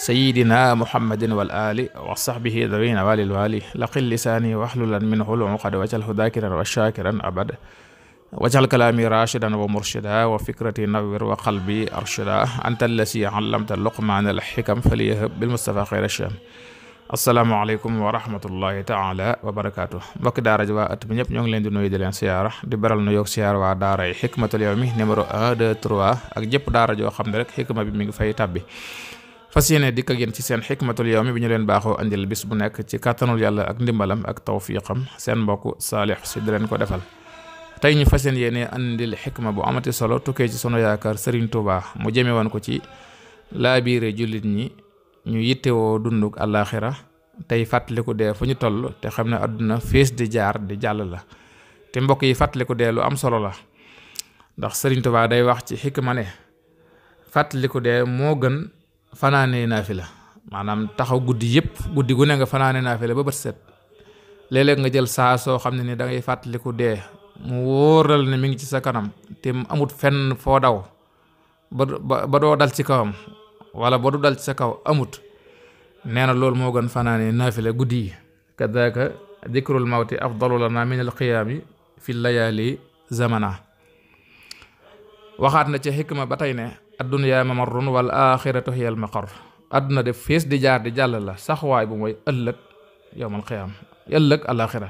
sayidina muhammadin wal ali wa sahbihi dawina walil wali laqil lisaani waxlulan minhu lumuqad waj'alhu dhakiran wa shakiran abad waj'al kalaami rashidan wa murshida wa fikrati nawwir wa qalbi arshida anta allasi allamta luqmaana alxikam faliyahab bil mustafa xayra sham asalaamaaleykum wa rahmatullahi taala wa barakaatu mbokki daara ji waa at bi ñëpp ñoo ngi leen di nuyu di leen siyaara di baral nu yoog siyaar waa daara yi xikmatul ak jëpp daara joo xam ne mi ngi fay tàbbi fas yéene dikk ak yéen ci seen xikmatul yawmi bi ñu leen baaxoo andil bis bu nekk ci kàttanul yàlla ak ndimbalam ak tawfiqam seen mbokk saalix si di leen ko defal tey ñu fas yéene andil xikma bu amati solo tukkee ci sunu yaakaar Serigne Touba mu jëme woon ko ci laabiire jullit ñi ñu yittewoo dunduk àllaaxira tey fàttaliku dee fu ñu toll te xam ne àdduna fees di jaar di jàll la te mbokk yi fàttaliku dee lu am solo la ndax Serigne Touba day wax ci xikma ne fanaanee naafila maanaam taxaw guddi yëpp guddi gu ne nga fanaanee naafila ba bët set léeg-léeg nga jël saa soo xam ne ni da ngay fàttaliku dee mu wóoral ne mi ngi ci sa kanam te mu amut fenn foo daw ba ba doo dal ci kawam wala ba du dal ci sa kaw amut nee na loolu moo gën fanaanee naafila guddi yi kadaka dikrul mawti afdalu lana min alqiyaami fi layaali zamana waxaat na ci xikma ba tey ne adduniyaa mamarrun wal axiratu hiya al maqar adduna de fees di jaar di jàll la saxuwaay bu mooy ëllëg yowmal qiyaam ëllëg alaaxira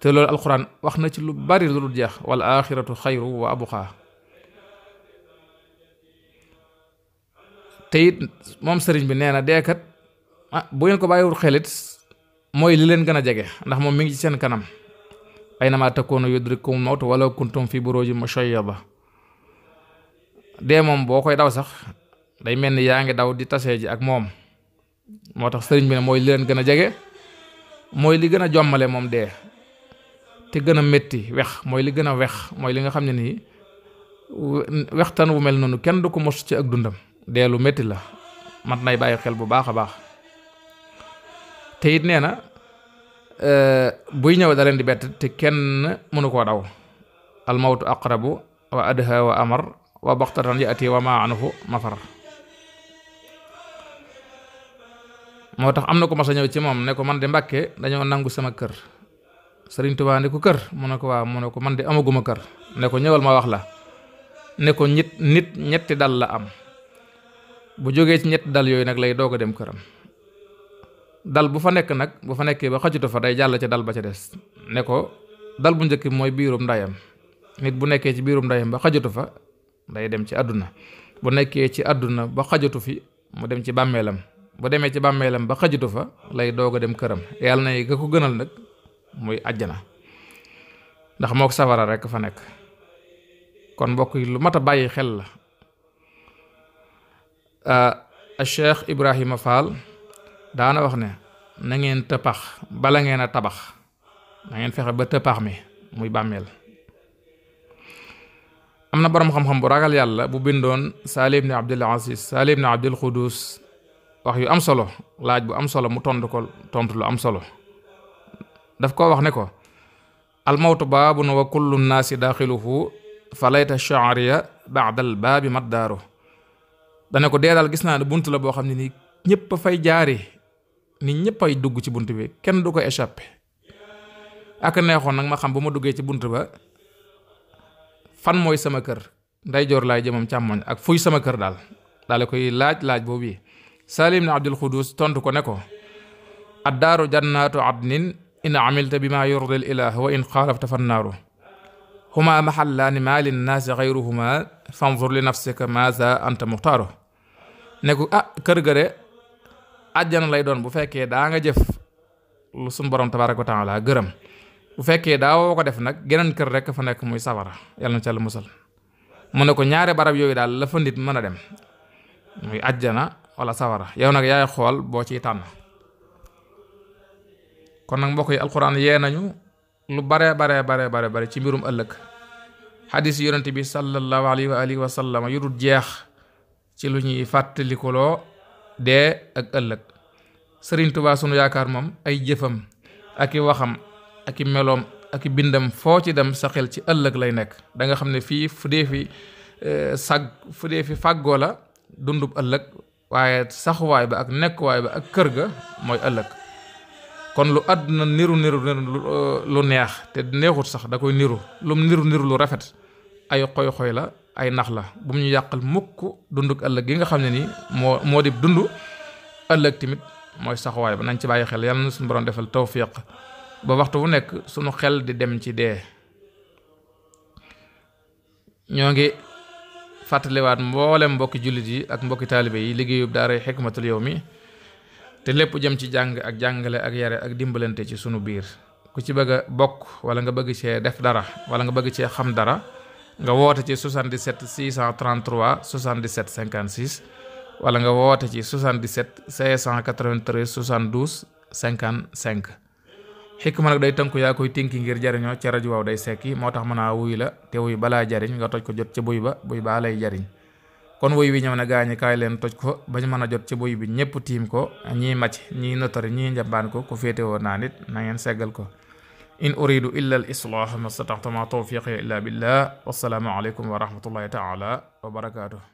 te loolu alquran wax na ci lu bari lu dul jeex wal axiratu xayru wa abuqaa te it moom sëriñ bi nee na deekat ah bu ngeen ko bàyyiwul xelit mooy li leen gën a jege ndax moom mi ngi ci seen kanam aynama takunu yudrikum mawt wala kuntum fi burujin mushayyada dee moom boo koy daw sax day mel ni yaa ngi daw di tase ji ak moom moo tax sëriñ bi ne mooy li leen gën a jege mooy li gën a jommale moom dee te gën a metti wex mooy li gën a wex mooy li nga xam ne nii wextan wu mel noonu kenn du ko mos ci ak dundam dee lu métti la mat nay bàyyi xel bu baax a baax te it nee na e, buy ñëw da leen di bett te kenn mënu koo daw almawtu aqrabu wa adha wa amar wa baxtatan yaati wa ma anhu mafar moo tax am na ko ma a ñëw ci moom ne ko man de mbàkke dañoo nangu sama kër sëriñ ku kër mu ne ko waa mu ne ko man de amaguma kër ne ko ñëwal ma wax la ne ko nit nit ñetti dal la am bu jógee ci ñetti dal yooyu nag lay doog a dem këram dal bu fa nekk nag bu fa nekkee ba xajutu fa day jàll ca dal ba ca des ne ko dal bu njëkk mooy biirum ndayam nit bu nekkee ci biirum ndayam ba xajutu fa day dem ci àdduna bu nekkee ci àdduna ba xajatu fi mu dem ci bàmmeelam bu demee ci bàmmeelam ba xajatu fa lay doog a dem këram yàlla na ga ko gënal nag muy àjjana ndax mook safara rekk fa nekk kon mbokk yi lu mat a bàyyi xel la ah, a Cheikh Ibrahima Fall daana wax ne na ngeen tëppax bala ngeen a tabax na ngeen fexe ba tëppax mi muy bàmmeel am na borom xam-xam bu ragal yàlla bu bindoon Salih ibn Abdul Aziz Salih ibn Abdul Xudus wax yu am solo laaj bu am solo mu tontu ko tontu lu am solo daf koo wax ne ko almawtu baabun wa kullu nnaasi daaxiluhu fa layta baax baadal baabi maddaaru dane ko dee daal gis naa ne bunt la boo xam ne nii ñëpp fay jaari ni ñëpp ay dugg ci bunt bi kenn du ko échappé ak neexoon nag ma xam bu ma duggee ci bunt ba fan mooy sama kër ndeyjoor laay jëmam càmmoñ ak fuy sama kër daal daale koy laaj laaj boobu yi salim na abdul tontu ko ne ko addaaru jannaatu adnin in amilta bi ma yurdi l ilah wa in xaalafta fannaaru huma mahallaani maa linnaasi xayruhuma fanzur li nafsika maasa anta muxtaaru ne ko ah kër ga de lay doon bu fekkee daanga nga jëf lu sun borom tabaraka wa taala gërëm bu fekkee daawoo ko def nag geneen kër rek fa nekk muy sawara yàlla na ca la musal mu ne ko ñaari barab yooyu daal la fa nit mën a dem muy ajjana wala sawara yow nag yaay xool boo ci tànn kon nag mbokk yi alxuraan yee nañu lu bare bare bare bare bare ci mbirum ëllëg xadis yonent bi sallallahu alayhi wa alihi yu dul jeex ci lu ñuy fàttalikuloo dee ak ëllëg Sëriñ Tuubaa sunu yaakaar moom ay jëfam ak i waxam ak i meloom ak i bindam foo ci dem sa xel ci ëllëg lay nekk danga xam ne fii fu dee fi eh, sag fu dee fi fàggoo la dundub ëllëg waaye saxuwaay ba ak nekkuwaay ba ak kër ga mooy ëllëg kon lu àdduna niru niru niru lu eh, neex te neexut sax da koy niru lum niru niru lu rafet ay xoy-xoy la ay nax la bu mu ñu yàqal mukk dunduk ëllëg gi nga xam ne nii moo moo di dund ëllëg tamit mooy saxuwaay ba nañ ci bàyyi xel yàlla na suñu borom defal tawfiq ba waxtu wu nekk sunu xel di dem ci dee ñoo ngi fàttaliwaat mboolem mbokki jullit yi ak mbokki taalibe yi liggéeyub daaray Hikmatul mi te lépp jëm ci jàng ak jàngale ak yare ak dimbalante ci sunu biir ku ci bëgg a bokk wala nga bëgg cee def dara wala nga bëgg cee xam dara nga woote ci 77 633 77 56 wala nga woote ci 77 693 72 55 xikma nag day tënku yaa koy tinki ngir jariñoo ca rajo waaw day sekki moo tax mën a wuy la te wuy balaa jariñ nga toj ko jot ci buy ba buy baa lay jariñ kon wuy wi ñëw na gaañi kaay leen toj ko bañ mën a jot ca buy bi ñëpp tiim ko ñii macc ñii notari ñii njambaan ko ku féetewoo naa nit nangeen seggal ko in uridu illa al islah ma stataxtama tawfiqi illa billah wassalaamu aleykum wa rahmatullahi taala wa barakaatuh